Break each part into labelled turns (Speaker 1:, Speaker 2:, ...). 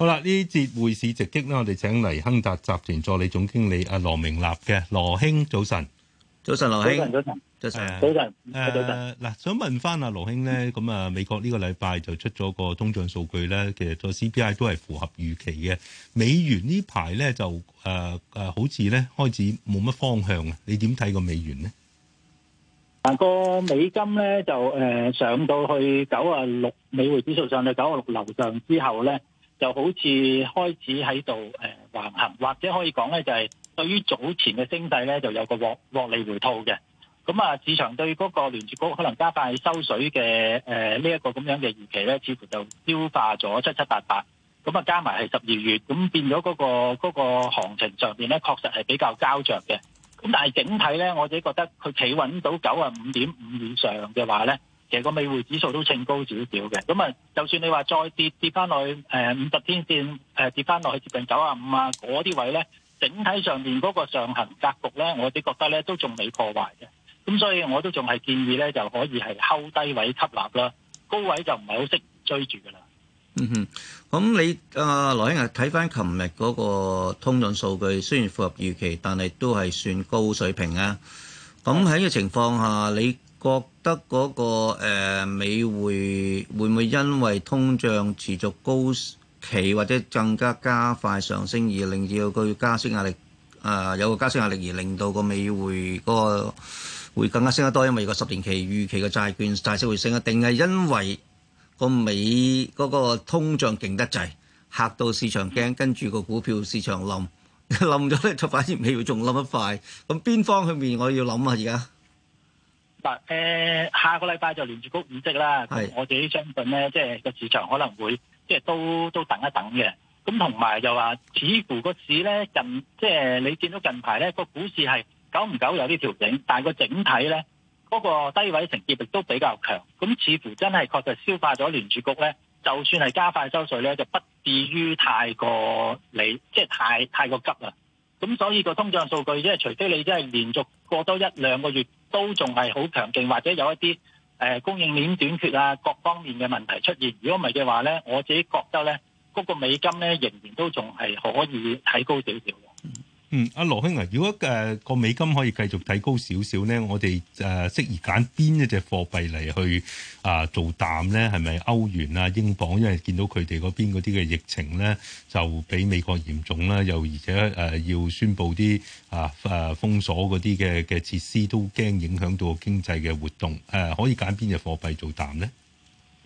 Speaker 1: 好啦，呢節匯市直擊呢，我哋請嚟亨達集團助理總經理阿羅明立嘅羅兄，早晨，早晨，羅兄，
Speaker 2: 早晨，早晨，早晨，
Speaker 1: 早晨。嗱，想問翻阿羅兄咧，咁啊、嗯，美國呢個禮拜就出咗個通脹數據咧，其實個 CPI 都係符合預期嘅，美元呢排咧就誒誒、呃，好似咧開始冇乜方向啊，你點睇個美元呢咧？
Speaker 3: 個美金咧就誒、呃、上到去九啊六美匯指數上去九啊六樓上之後咧。就好似開始喺度誒橫行，或者可以講咧，就係、是、對於早前嘅升勢咧，就有個獲、獲利回吐嘅。咁啊，市場對嗰個聯儲局可能加快收水嘅誒、呃這個、呢一個咁樣嘅預期咧，似乎就消化咗七七八八。咁啊，加埋係十二月，咁變咗嗰、那個嗰、那個、行情上面咧，確實係比較膠着嘅。咁但係整體咧，我自己覺得佢企穩到九啊五點五以上嘅話咧，其實個美匯指數都升高少少嘅，咁啊，就算你話再跌跌翻落去誒五十天線，誒跌翻落去接近九啊五啊嗰啲位咧，整體上面嗰個上行格局咧，我哋覺得咧都仲未破壞嘅，咁所以我都仲係建議咧就可以係睺低位吸納啦，高位就唔係好識追住噶啦。
Speaker 2: 嗯哼，咁你啊羅兄啊睇翻琴日嗰個通脹數據，雖然符合預期，但係都係算高水平啊。咁喺呢個情況下，你覺得嗰個誒美匯會唔會因為通脹持續高企或者更加加快上升而令到佢加息壓力，誒有加息壓力而令到個美匯嗰個會更加升得多？因為個十年期預期嘅債券債息會升啊，定係因為個美嗰個通脹勁得滯嚇到市場驚，跟住個股票市場冧冧咗咧，就反而美匯仲冧得快。咁邊方去面我要諗啊，而家？
Speaker 3: 嗱，誒下個禮拜就聯儲局議息啦，是我自己相信咧，即係個市場可能會即係都都等一等嘅。咁同埋就話，似乎個市咧近，即係你見到近排咧個股市係久唔久有啲調整，但係個整體咧嗰，那個低位承接力都比較強。咁似乎真係確實消化咗聯儲局咧，就算係加快收稅咧，就不至於太過你即係太太過急啦。咁所以個通脹數據，即係除非你真係連續過多一兩個月，都仲係好強勁，或者有一啲誒、呃、供應鏈短缺啊，各方面嘅問題出現。如果唔係嘅話咧，我自己覺得咧，嗰、那個美金咧仍然都仲係可以睇高少少嘅。
Speaker 1: 嗯，阿羅兄啊，如果誒個、呃、美金可以繼續提高少少咧，我哋誒適宜揀邊一隻貨幣嚟去啊、呃、做淡咧？係咪歐元啊、英鎊？因為見到佢哋嗰邊嗰啲嘅疫情咧，就比美國嚴重啦，又而且誒、呃、要宣布啲啊誒封鎖嗰啲嘅嘅設施，都驚影響到經濟嘅活動。誒、呃，可以揀邊隻貨幣做淡咧？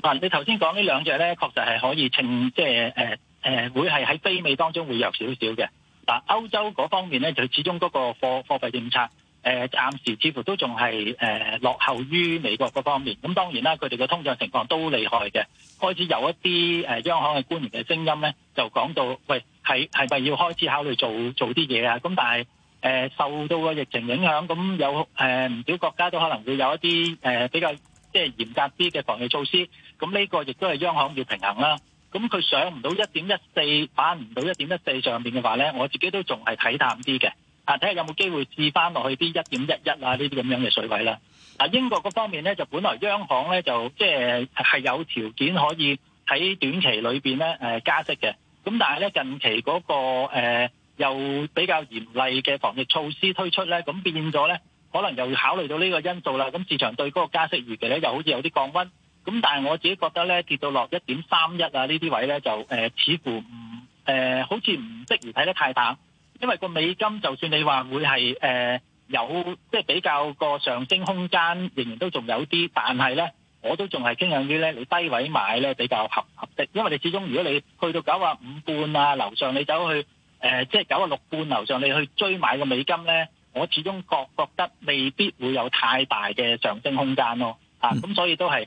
Speaker 1: 嗱，你頭
Speaker 3: 先講呢兩隻咧，確實係可以稱即係誒誒，會係喺非美當中會弱少少嘅。嗱，歐洲嗰方面咧，就始終嗰個貨貨幣政策，誒暫時似乎都仲係誒落後於美國嗰方面。咁當然啦，佢哋嘅通脹情況都厲害嘅，開始有一啲誒央行嘅官員嘅聲音咧，就講到喂，係係咪要開始考慮做做啲嘢啊？咁但係誒受到個疫情影響，咁有誒唔少國家都可能會有一啲誒比較即係嚴格啲嘅防疫措施。咁呢個亦都係央行要平衡啦。咁佢上唔到一點一四，反唔到一點一四上面嘅話呢，我自己都仲係睇淡啲嘅。看看有有啊，睇下有冇機會置翻落去啲一點一一啊呢啲咁樣嘅水位啦。啊，英國嗰方面呢，就本來央行呢，就即係係有條件可以喺短期裏邊呢誒、呃、加息嘅。咁但係呢，近期嗰、嗰個誒、呃、又比較嚴厲嘅防疫措施推出呢，咁變咗呢，可能又要考慮到呢個因素啦。咁市場對嗰個加息預期呢，又好似有啲降溫。咁但係我自己覺得咧，跌到落一點三一啊呢啲位咧，就誒似乎唔誒好似唔適宜睇得太淡，因為個美金就算你話會係誒有即係比較個上升空間仍然都仲有啲，但係咧我都仲係傾向於咧你低位買咧比較合合適，因為你始終如果你去到九啊五半啊樓上，你走去誒即係九啊六半樓上你去追買個美金咧，我始終覺覺得未必會有太大嘅上升空間咯，啊咁所以都係。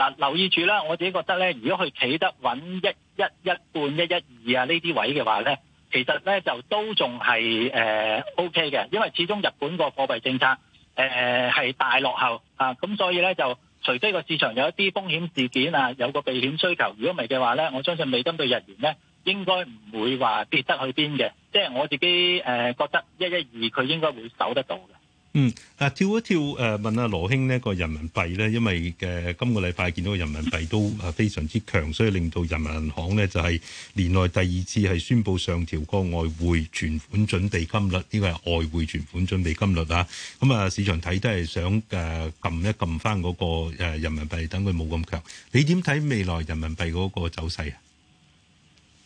Speaker 3: 嗱，留意住啦！我自己覺得咧，如果佢企得穩一一一半一一二啊這些位的話呢啲位嘅話咧，其實咧就都仲係誒 OK 嘅，因為始終日本個貨幣政策誒係、呃、大落後啊，咁所以咧就除非個市場有一啲風險事件啊，有個避險需求，如果唔係嘅話咧，我相信美金對日元咧應該唔會話跌得去邊嘅，即係我自己誒、呃、覺得一一二佢應該會守得到嘅。
Speaker 1: 嗯，啊跳一跳，誒、啊、問阿羅兄呢個人民幣咧，因為誒、啊、今個禮拜見到個人民幣都非常之強，所以令到人民銀行咧就係、是、年內第二次係宣布上調個外匯存款準備金率，呢個係外匯存款準備金率啊，咁啊市場睇都係想誒撳、啊、一撳翻嗰個誒、啊、人民幣，等佢冇咁強。你點睇未來人民幣嗰個走勢啊？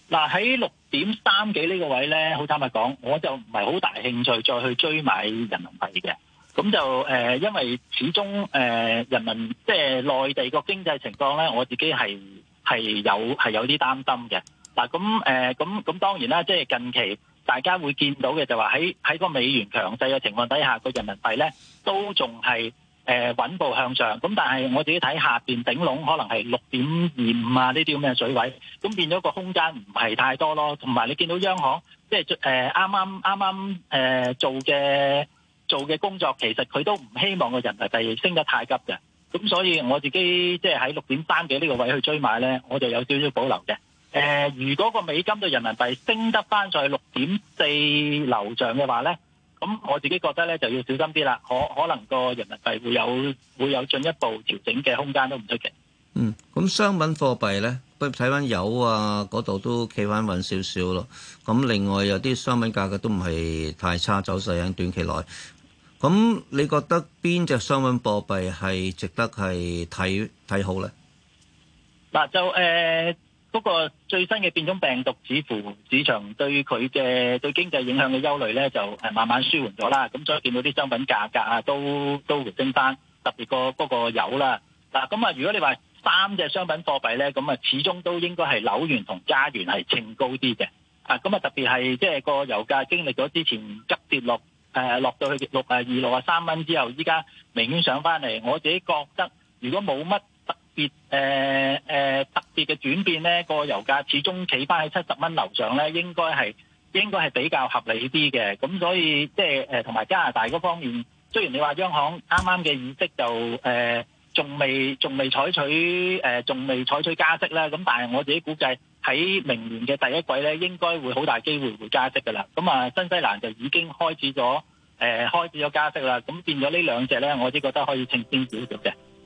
Speaker 3: 嗱喺六。點三幾呢個位呢？好坦白講，我就唔係好大興趣再去追買人民幣嘅。咁就誒，因為始終誒人民即係內地個經濟情況呢，我自己係係有係有啲擔心嘅。嗱，咁誒咁咁當然啦，即係近期大家會見到嘅就話喺喺個美元強勢嘅情況底下，個人民幣呢都仲係，誒穩步向上，咁但係我自己睇下面頂籠可能係六點二五啊，呢啲咁嘅水位，咁變咗個空間唔係太多咯。同埋你見到央行即係誒啱啱啱啱誒做嘅做嘅工作，其實佢都唔希望個人民幣升得太急嘅。咁所以我自己即係喺六點三幾呢個位去追買咧，我就有少少保留嘅。誒、呃，如果個美金對人，人民幣升得翻上去六點四樓上嘅話咧？咁我自己覺得咧就要小心啲啦，可可能個人民幣會有會有進一步調整嘅空間都
Speaker 2: 唔出奇。嗯，咁商品貨幣咧，不如睇翻油啊嗰度都企翻穩少少咯。咁另外有啲商品價格都唔係太差走勢，喺短期內。咁你覺得邊隻商品貨幣係值得係睇睇好咧？
Speaker 3: 嗱，就、呃不過最新嘅變種病毒，似乎市場對佢嘅對經濟影響嘅憂慮咧，就係慢慢舒緩咗啦。咁所以見到啲商品價格啊，都都回升翻，特別個嗰個油啦。嗱，咁啊，如果你話三隻商品貨幣咧，咁啊始終都應該係紐元同加元係稱高啲嘅。啊，咁啊特別係即係個油價經歷咗之前急跌落誒、呃、落到去六啊二六啊三蚊之後，依家明顯上翻嚟。我自己覺得，如果冇乜，別誒誒特別嘅轉變咧，個油價始終企翻喺七十蚊樓上咧，應該係應該係比較合理啲嘅。咁所以即係誒同埋加拿大嗰方面，雖然你話央行啱啱嘅意識就誒，仲、呃、未仲未採取仲、呃、未採取加息啦，咁但係我自己估計喺明年嘅第一季咧，應該會好大機會會加息噶啦。咁啊，新西蘭就已經開始咗誒，呃、開始咗加息啦。咁變咗呢兩隻咧，我自己覺得可以稱鮮少少嘅。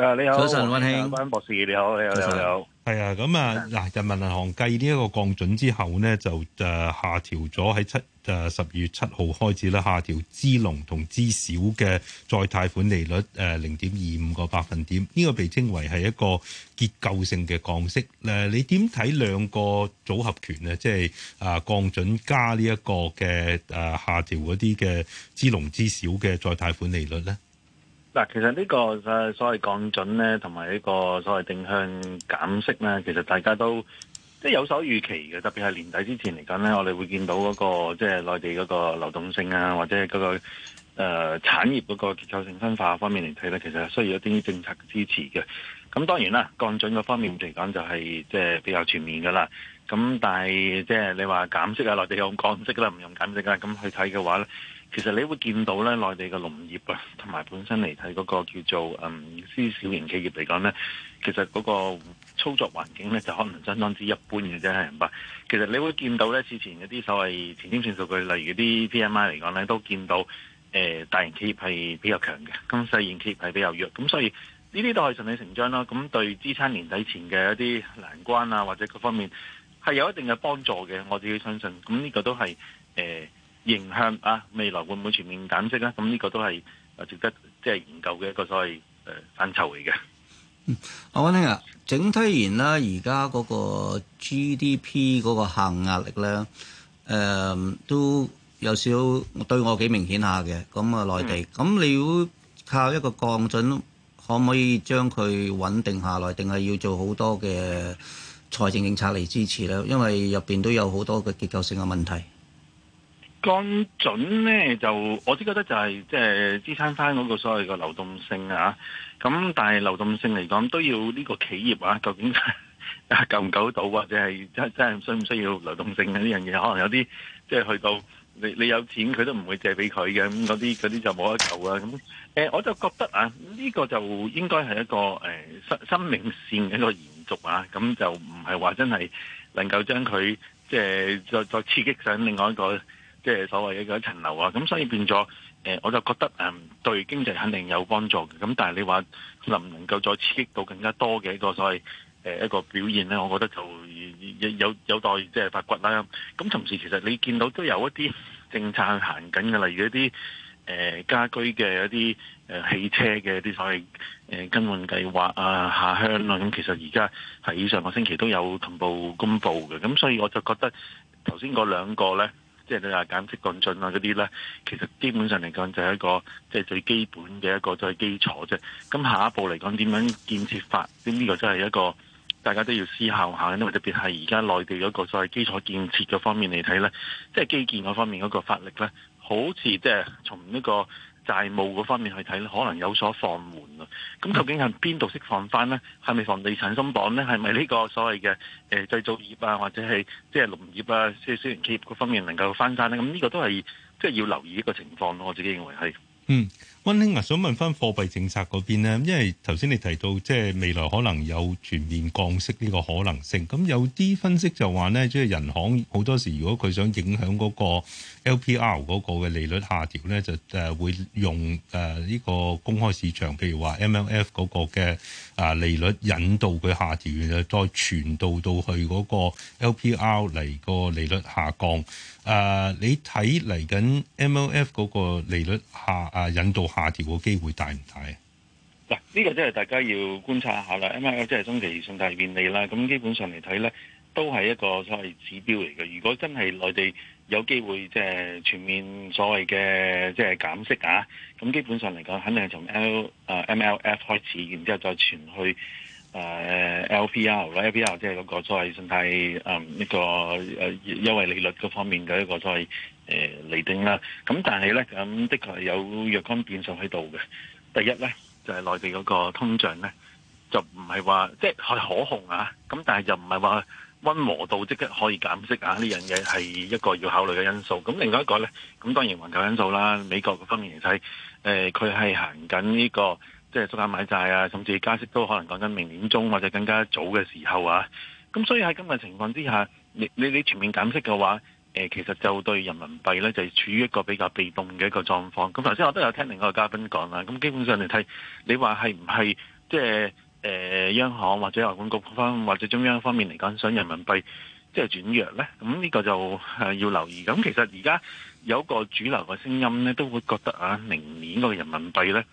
Speaker 4: 誒，你好，早晨上，温興博士，你
Speaker 1: 好，你好，上你好，係上啊，咁啊，嗱，人民銀行繼呢一個降準之後呢，就誒下調咗喺七誒十月七號開始咧下調支農同支小嘅再貸款利率誒零點二五個百分點，呢、這個被稱為係一個結構性嘅降息。誒，你點睇兩個組合拳呢？即係啊降準加呢、這、一個嘅誒、啊、下調嗰啲嘅支農支小嘅再貸款利率咧？
Speaker 4: 嗱，其實呢個誒所謂降準咧，同埋呢個所謂定向減息咧，其實大家都即係有所預期嘅。特別係年底之前嚟講咧，我哋會見到嗰、那個即係內地嗰個流動性啊，或者嗰、那個誒、呃、產業嗰個結構性分化方面嚟睇咧，其實需要一啲政策支持嘅。咁當然啦，降準嗰方面嚟講就係、是、即係比較全面噶啦。咁但係即係你話減息啊，內地用降息啦，唔用減息啦，咁去睇嘅話咧。其實你會見到咧，內地嘅農業啊，同埋本身嚟睇嗰個叫做誒、嗯、小型企業嚟講呢，其實嗰個操作環境呢，就可能相當之一般嘅啫，係明白。其實你會見到呢，此前一啲所謂前瞻性數據，例如啲 PMI 嚟講呢，都見到誒、呃、大型企業係比較強嘅，咁細型企業係比較弱，咁所以呢啲都係順理成章咯。咁對支撐年底前嘅一啲難關啊，或者各方面係有一定嘅幫助嘅，我自己相信。咁呢個都係誒。呃.影響啊！未來會唔會全面減息咧？咁呢個都係啊，值得即係研究嘅一個所謂誒範疇嚟
Speaker 2: 嘅。我諗啊，整體而言啦，而家嗰個 GDP 嗰個行壓力咧，誒、呃、都有少對我幾明顯下嘅。咁啊，內地咁你要靠一個降準，可唔可以將佢穩定下來？定係要做好多嘅財政政策嚟支持咧？因為入邊都有好多嘅結構性嘅問題。
Speaker 4: 降準呢就，我只覺得就係即係支撐翻嗰個所謂嘅流動性啊。咁但係流動性嚟講，都要呢個企業啊，究竟呵呵夠唔夠到，或者係真真係需唔需要流動性啊？呢樣嘢可能有啲即係去到你你有錢，佢都唔會借俾佢嘅。咁嗰啲嗰啲就冇得救啊。咁、呃、我就覺得啊，呢、呢個就應該係一個誒生、欸、生命線嘅一個延續啊。咁就唔係話真係能夠將佢即係再再刺激上另外一個。即係所謂一個一層樓啊，咁所以變咗，誒、呃、我就覺得誒、嗯、對經濟肯定有幫助嘅。咁但係你話能唔能夠再刺激到更加多嘅一個所謂誒、呃、一個表現咧？我覺得就有有待即係發掘啦。咁同時其實你見到都有一啲政策行緊嘅，例如一啲誒、呃、家居嘅一啲誒、呃、汽車嘅啲所謂誒、呃、更換計劃啊、下鄉啊。咁其實而家喺上個星期都有同步公佈嘅。咁所以我就覺得頭先嗰兩個咧。即係你話減息降準啊嗰啲呢，其實基本上嚟講就係一個即係、就是、最基本嘅一個最基礎啫。咁下一步嚟講點樣建設法？呢、這個真係一個大家都要思考一下，因為特別係而家內地嗰個所謂基礎建設嘅方面嚟睇呢，即、就、係、是、基建嗰方面嗰個法力呢，好似即係從呢、那個。債務嗰方面去睇咧，可能有所放緩咯。咁究竟係邊度釋放翻咧？係咪房地產鬆綁咧？係咪呢個所謂嘅誒製造業啊，或者係即係農業啊，即係小型企業嗰方面能夠翻山咧？咁呢個都係即係要留意一個
Speaker 1: 情況咯。我自己認為係嗯。溫天納啊，想問翻貨幣政策嗰邊咧，因為頭先你提到即係未來可能有全面降息呢個可能性，咁有啲分析就話咧，即係人行好多時如果佢想影響嗰個 LPR 嗰個嘅利率下調咧，就誒會用誒呢、呃這個公開市場，譬如話 MLF 嗰個嘅啊利率引導佢下調再傳導到去嗰個 LPR 嚟個利率下降。誒、呃、你睇嚟緊 MLF 嗰個利率下啊引導。下跌個機會大唔大
Speaker 4: 啊？嗱，呢個真係大家要觀察一下啦。M L F 即係中期信貸便利啦，咁基本上嚟睇咧，都係一個所謂指標嚟嘅。如果真係內地有機會即係全面所謂嘅即係減息啊，咁基本上嚟講，肯定係從 L 誒 M L F 開始，然之後再傳去。誒 LPR 啦，LPR 即係嗰個所謂信貸誒呢個誒優惠利率嗰方面嘅一個所謂誒釐定啦。咁但係咧咁，的確係有若干變數喺度嘅。第一咧就係內地嗰個通脹咧，就唔係話即係可控啊。咁但係又唔係話溫和到即刻可以減息啊。呢樣嘢係一個要考慮嘅因素。咁另外一個咧，咁當然環球因素啦。美國嗰方面嚟睇，誒佢係行緊呢個。即係縮減買債啊，甚至加息都可能講緊明年中或者更加早嘅時候啊。咁所以喺咁嘅情況之下，你你你全面減息嘅話、呃，其實就對人民幣咧就處、是、處於一個比較被動嘅一個狀況。咁頭先我都有聽另外一個嘉賓講啦，咁基本上嚟睇、就是，你話係唔係即係誒央行或者外管局方或者中央方面嚟講想人民幣即係轉弱咧？咁呢個就係要留意。咁其實而家有個主流嘅聲音咧，都會覺得啊，明年個人民幣咧。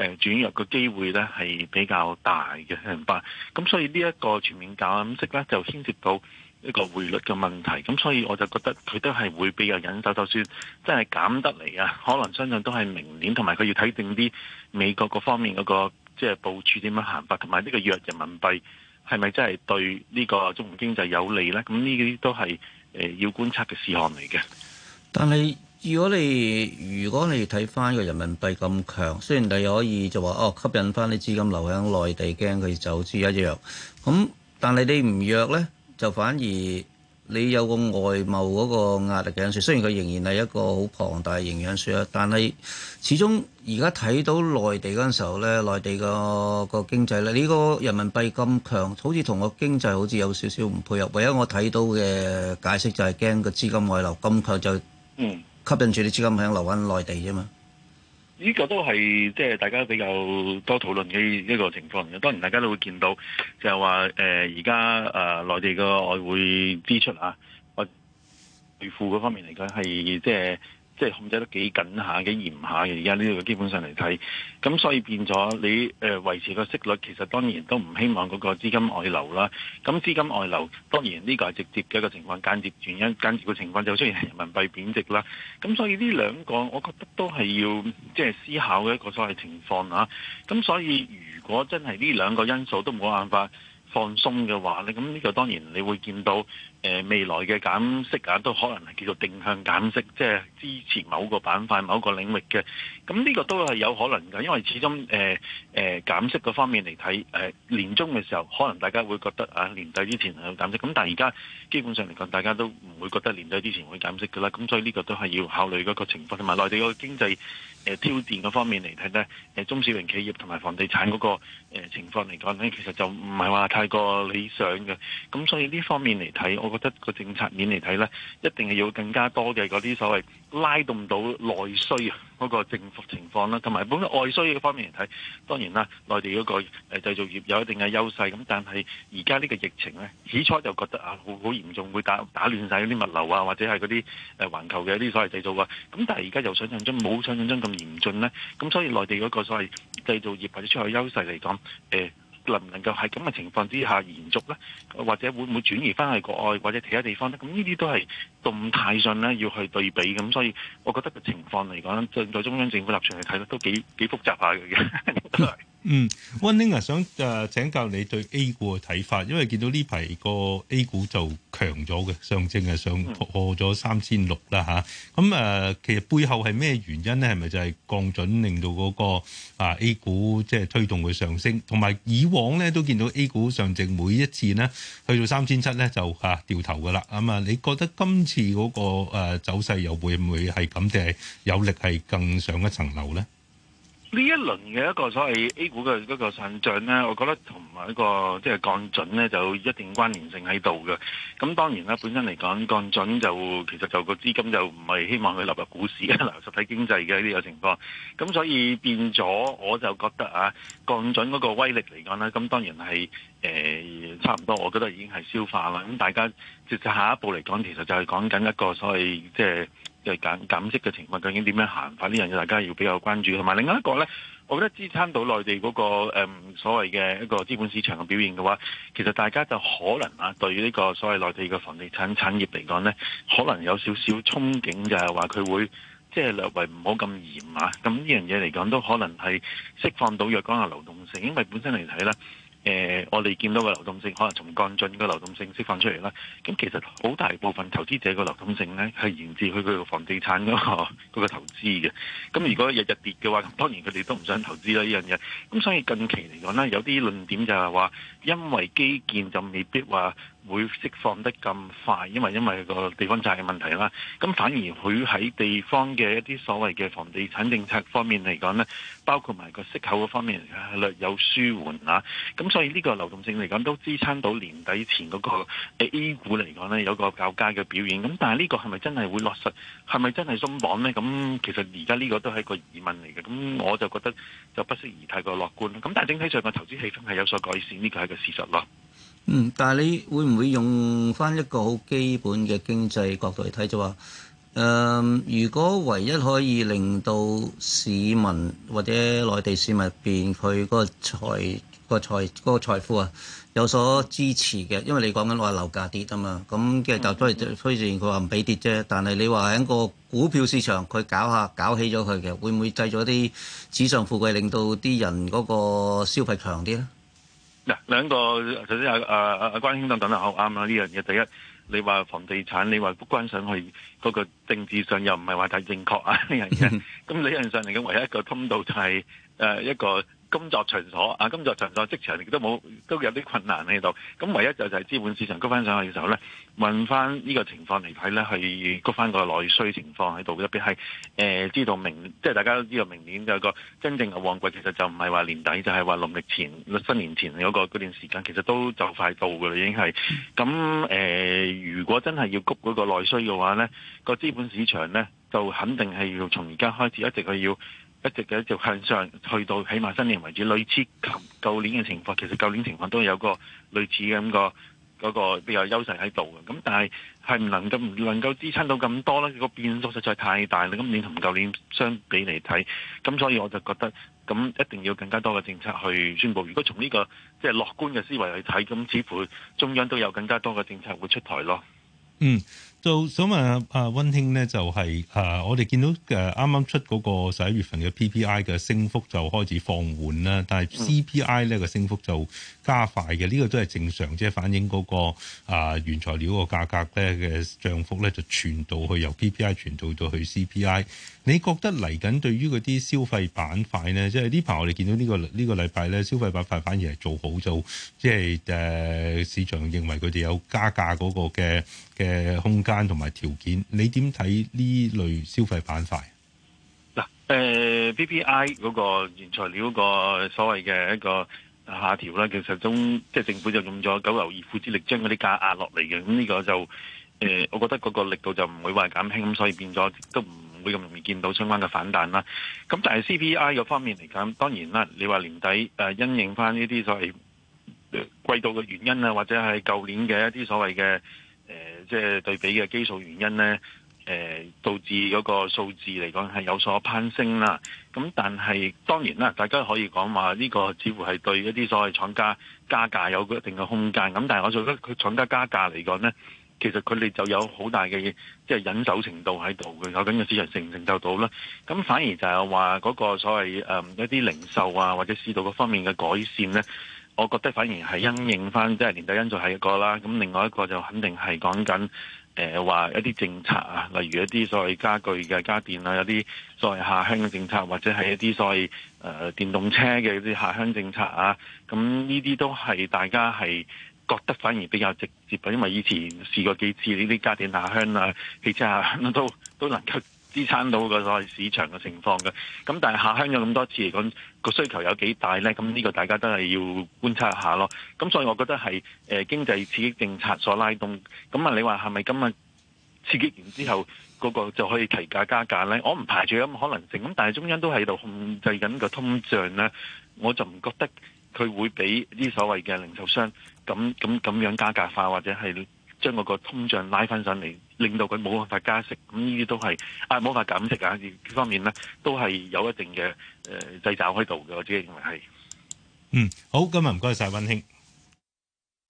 Speaker 4: 誒轉弱嘅機會咧係比較大嘅，明白。咁所以呢一個全面降息呢，就牽涉到一個匯率嘅問題。咁所以我就覺得佢都係會比較謹守，就算真係減得嚟啊，可能相信都係明年，同埋佢要睇定啲美國各方面嗰個即係部署點樣行法，同埋呢個弱人民幣係咪真係對呢個中國經濟有利呢？咁呢啲都係誒、呃、要觀察嘅事項嚟嘅。
Speaker 2: 但係如果你如果你睇翻個人民幣咁強，雖然你可以就話哦吸引翻啲資金流向內地，驚佢走資一樣。咁但係你唔弱呢，就反而你有個外貿嗰個壓力嘅因素。雖然佢仍然係一個好龐大嘅營養水啊，但係始終而家睇到內地嗰陣時候呢，內地個、個經濟呢，呢、呢個人民幣咁強，好似同個經濟好似有少少唔配合。唯一我睇到嘅解釋就係驚個資金外流咁強就嗯。吸引住啲資金喺留返內地啫嘛，
Speaker 4: 呢個都係即係大家比較多討論嘅一個情況。當然大家都會見到就係話誒而家誒內地嘅外匯支出啊，我預付嗰方面嚟講係即係。即係控制得幾緊下、幾嚴下嘅，而家呢個基本上嚟睇，咁所以變咗你誒維持個息率，其實當然都唔希望嗰個資金外流啦。咁資金外流當然呢個係直接嘅一個情況，間接原因，間接嘅情況就會出現人民幣貶值啦。咁所以呢兩個，我覺得都係要即係、就是、思考嘅一個所謂情況嚇。咁所以如果真係呢兩個因素都冇辦法放鬆嘅話咧，咁呢個當然你會見到。誒未來嘅減息啊，都可能係叫做定向減息，即係支持某個板塊、某個領域嘅。咁呢個都係有可能㗎，因為始終誒誒減息嗰方面嚟睇，誒年中嘅時候可能大家會覺得啊，年底之前係有減息。咁但係而家基本上嚟講，大家都唔會覺得年底之前會減息㗎啦。咁所以呢個都係要考慮嗰個情況同埋內地個經濟誒挑戰嗰方面嚟睇呢，誒中小型企業同埋房地產嗰個誒情況嚟講呢，其實就唔係話太過理想嘅。咁所以呢方面嚟睇我覺得個政策面嚟睇呢，一定係要更加多嘅嗰啲所謂拉動到內需啊嗰個政府情況啦，同埋本身外需嘅方面嚟睇，當然啦，內地嗰個誒製造業有一定嘅優勢咁，但係而家呢個疫情呢，起初就覺得啊，好好嚴重，會打打亂晒嗰啲物流啊，或者係嗰啲環球嘅啲所謂製造啊，咁但係而家又想象中冇想象中咁嚴峻呢。咁所以內地嗰個所謂製造業或者出口的優勢嚟講，誒、呃。能唔能夠喺咁嘅情況之下延續咧，或者會唔會轉移翻去國外或者其他地方咧？咁呢啲都係動態上咧，要去對比咁，所以我覺得個情況嚟講，在中央政府立場嚟睇咧，都幾幾複雜下嘅。
Speaker 1: 嗯，溫啊，想誒請教你對 A 股嘅睇法，因為見到呢排個 A 股就強咗嘅上證啊上破咗三千六啦，咁誒其實背後係咩原因呢？係咪就係降準令到嗰個啊 A 股即係推動佢上升？同埋以往咧都見到 A 股上證每一次呢去到三千七咧就嚇、啊、掉頭噶啦，咁啊，你覺得今次嗰個、啊、走勢又會唔會係咁定係有力係更上一層樓咧？
Speaker 4: 呢一輪嘅一個所謂 A 股嘅一個上漲呢，我覺得同埋一個即係降準呢，就一定關聯性喺度嘅。咁當然啦，本身嚟講降準就其實就個資金就唔係希望佢流入股市嘅，流入實體經濟嘅呢個情況。咁所以變咗，我就覺得啊，降準嗰個威力嚟講呢，咁當然係誒、呃、差唔多，我覺得已經係消化啦。咁大家接下一步嚟講，其實就係講緊一個所謂即係。就減減息嘅情況究竟點樣行法？呢樣嘢大家要比較關注，同埋另外一個呢，我覺得支撐到內地嗰、那個、嗯、所謂嘅一個資本市場嘅表現嘅話，其實大家就可能啊對於呢個所謂內地嘅房地產產業嚟講呢，可能有少少憧憬說它，就係話佢會即係略為唔好咁嚴啊。咁呢樣嘢嚟講都可能係釋放到若干嘅流動性，因為本身嚟睇呢。誒、呃，我哋見到個流動性可能從乾進個流動性釋放出嚟啦。咁其實好大部分投資者個流動性咧，係源自佢嗰個房地產嗰、嗰個嗰個投資嘅。咁如果日日跌嘅話，當然佢哋都唔想投資啦呢樣嘢。咁所以近期嚟講咧，有啲論點就係話，因為基建就未必話。會釋放得咁快，因為因為個地方債嘅問題啦，咁反而佢喺地方嘅一啲所謂嘅房地產政策方面嚟講呢，包括埋個息口嘅方面略有舒緩啦，咁所以呢個流動性嚟講都支撐到年底前嗰個 A 股嚟講呢有個較佳嘅表現。咁但係呢個係咪真係會落實？係咪真係鬆綁呢？咁其實而家呢個都係一個疑問嚟嘅。咁我就覺得就不適宜太過樂觀。咁但係整體上個投資氣氛係有所改善，呢個係一個事實咯。
Speaker 2: 嗯，但係你會唔會用翻一個好基本嘅經濟角度嚟睇就話，誒、嗯、如果唯一可以令到市民或者內地市民入邊佢嗰個財、嗰個財、嗰、嗰個財富啊有所支持嘅，因為你講緊話樓價跌啊嘛，咁即係就推推斷佢話唔俾跌啫。但係你話喺個股票市場佢搞下搞起咗佢嘅，會唔會製咗啲紙上富貴令到啲人嗰個消費強啲咧？
Speaker 4: 兩個，首先阿阿阿關兄等講得好啱啦，呢樣嘢第一，你話房地產，你話關上去嗰個政治上又唔係話太正確、嗯、啊呢樣嘢，咁理論上嚟嘅唯一一個通道就係、是、誒、呃、一個。工作場所啊，工作場所職場亦都冇，都有啲困難喺度。咁唯一就就係資本市場谷翻上去嘅時候呢，問翻呢個情況嚟睇呢，去谷翻個內需情況喺度。特別係知道明，即係大家都知道明年就有個真正嘅旺季，其實就唔係話年底，就係話農曆前、新年前嗰個嗰段時間，其實都就快到嘅啦，已經係。咁誒、呃，如果真係要谷嗰個內需嘅話呢，個資本市場呢，就肯定係要從而家開始一直去要。一直嘅就向上去到起碼新年為止，類似舊年嘅情況，其實舊年情況都有個類似嘅咁個個比較優勢喺度嘅。咁但係係唔能夠唔能夠支撐到咁多咧，個變數實在太大啦。今年同舊年相比嚟睇，咁所以我就覺得咁一定要更加多嘅政策去宣佈。如果從呢個即係樂觀嘅思維去睇，咁似乎中央都有更加多嘅政策會出台咯。嗯。
Speaker 1: 就想問阿阿溫興呢，就係、是、啊，我哋見到嘅啱啱出嗰個十一月份嘅 PPI 嘅升幅就開始放緩啦，但係 CPI 咧嘅升幅就加快嘅，呢、嗯、個都係正常，即係反映嗰、那個啊原材料個價格咧嘅漲幅咧就傳，去傳到去由 PPI 傳到到去 CPI。你覺得嚟緊對於嗰啲消費板塊呢？即係呢排我哋見到呢、呢個呢、呢個禮拜呢，消費板塊反而係做好做，即係誒、呃、市場認為佢哋有加價嗰個嘅嘅空間同埋條件。你點睇呢類消費板塊？
Speaker 4: 嗱、呃，誒 PPI 嗰個原材料個所謂嘅一個下調咧，其實中即係政府就用咗九牛二虎之力將嗰啲價壓落嚟嘅。咁呢個就誒、呃，我覺得嗰個力度就唔會話減輕，咁所以變咗都唔。冇咁容易見到相關嘅反彈啦。咁但係 CPI 嗰方面嚟講，當然啦，你話年底誒因應返呢啲所謂季度嘅原因啊，或者係舊年嘅一啲所謂嘅即係對比嘅基數原因呢，誒、呃、導致嗰個數字嚟講係有所攀升啦。咁但係當然啦，大家可以講話呢個似乎係對一啲所謂廠家加價有一定嘅空間。咁但係我覺得佢廠家加價嚟講呢。其實佢哋就有好大嘅即係忍受程度喺度嘅，究竟個市場承唔承受到啦。咁反而就係話嗰個所謂誒、呃、一啲零售啊，或者市道嗰方面嘅改善呢，我覺得反而係因應翻，即係年底因素係一個啦。咁另外一個就肯定係講緊誒話一啲政策啊，例如一啲所謂家具嘅家電啊，有啲所謂下鄉嘅政策，或者係一啲所謂誒、呃、電動車嘅一啲下鄉政策啊。咁呢啲都係大家係。覺得反而比較直接，因為以前試過幾次呢啲家電下鄉啊、汽車下鄉啊、都都能夠支撐到個所謂市場嘅情況嘅。咁但係下鄉有咁多次嚟講，個需求有幾大呢？咁、這、呢個大家都係要觀察一下咯。咁所以我覺得係誒、呃、經濟刺激政策所拉動。咁啊，你話係咪今日刺激完之後嗰、那個就可以提價加價呢？我唔排除有咁可能性。咁但係中央都喺度控制緊個通脹呢，我就唔覺得。佢會俾啲所謂嘅零售商咁咁咁樣加價化，或者係將嗰個通脹拉翻上嚟，令到佢冇辦法加息，咁呢啲都係啊冇法減息啊，呢方面咧都係有一定嘅誒掣肘喺度嘅，我自己認為係。
Speaker 1: 嗯，好，今日唔該晒温馨。